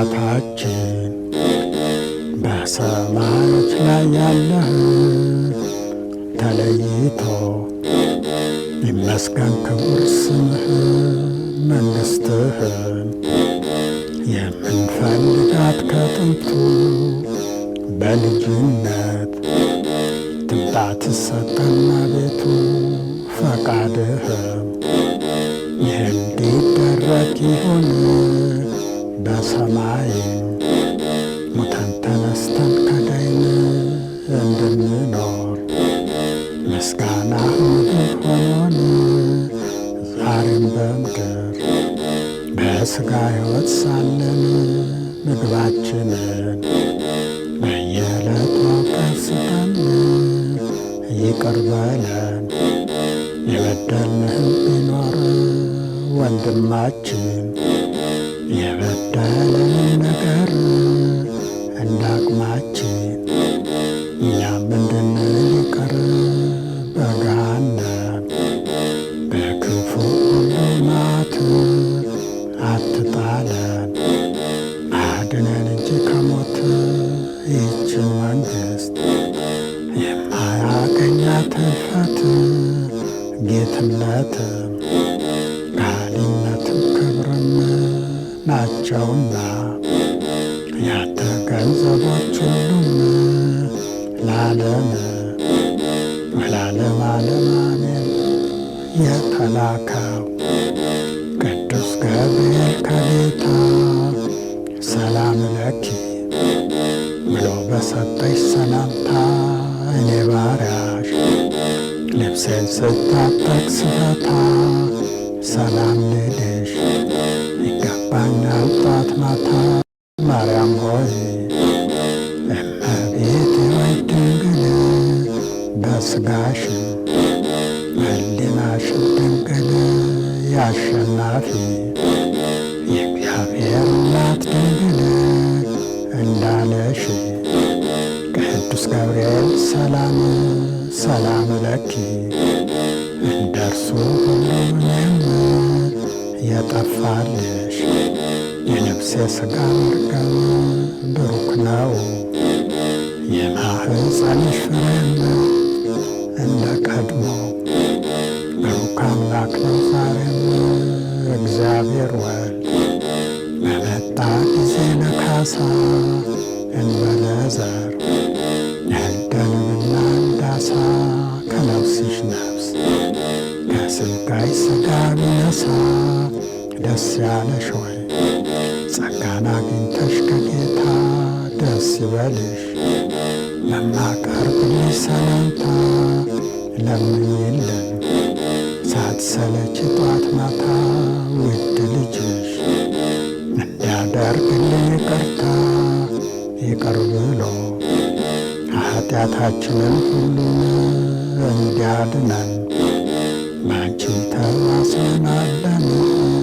አባታችን በሰማያት ላይ ያለህ ተለይቶ ይመስገን ክቡር ስምህ መንግሥትህን የምንፈልጋት ከጥንቱ በልጅነት ትምጣ ትሰጠና ቤቱ ፈቃድህም ይህ እንዲደረግ ይሆን በሰማይ ሙታን ተነስተን ከዳይነ እንድንኖር ምስጋና ሆን ዛሬም በምክር በሥጋ ሕይወት ሳለን ምግባችንን በየዕለቱ ቀስታን ይቅር በለን የበደልንህም ቢኖር ወንድማችን የበደለን ነገር እንደ አቅማችን እኛም እንድንቀር በገሃነም በክፉ ሉማት አትጣለን፣ አድነን እንጂ ከሞት ይች መንግስት የማያገኛት ሕልፈት ጌትነት ናቸውና ገንዘቦች ሁሉም ላለም ወላለም ዓለም የተላከው ቅዱስ ገብርኤል ከጌታ ሰላም ለኪ ብሎ በሰጠች ሰላምታ እኔ ባሪያሽ ልብሴን ስታጠቅ ስበታ ሰላም ማርያም ሆይ እመቤቴ ወይ ድንግል በስጋሽ በሕሊናሽ ድንግል የአሸናፊ የእግዚአብሔር እናት ድንግል እንዳለሽ ቅዱስ ገብርኤል ሰላም ሰላም ለኪ እንደርሱ ትጠፋለሽ። የነፍሴ ሥጋ መርገም ብሩክ ነው። የማኅፀንሽ ፍሬም እንደ ቀድሞ ብሩክ አምላክ ነው። ዛሬም እግዚአብሔር ወልድ በመጣ ጊዜ ነካሳ እንበለዘር ያደንምና እንዳሳ ከነፍስሽ ነፍስ ከሥጋሽ ሥጋ ቢነሳ ደስ ያለሽ ሆይ ጸጋን አግኝተሽ ከጌታ ደስ ይበልሽ። ለማቀርብልሽ ሰላምታ ለምኝልን ሳትሰለች ጧት ማታ ውድ ልጅሽ እንዲያደርግልን ይቅርታ ይቅር ብሎ ኃጢአታችንን ሁሉን እንዲያድነን ባንቺ ተማጽናለን።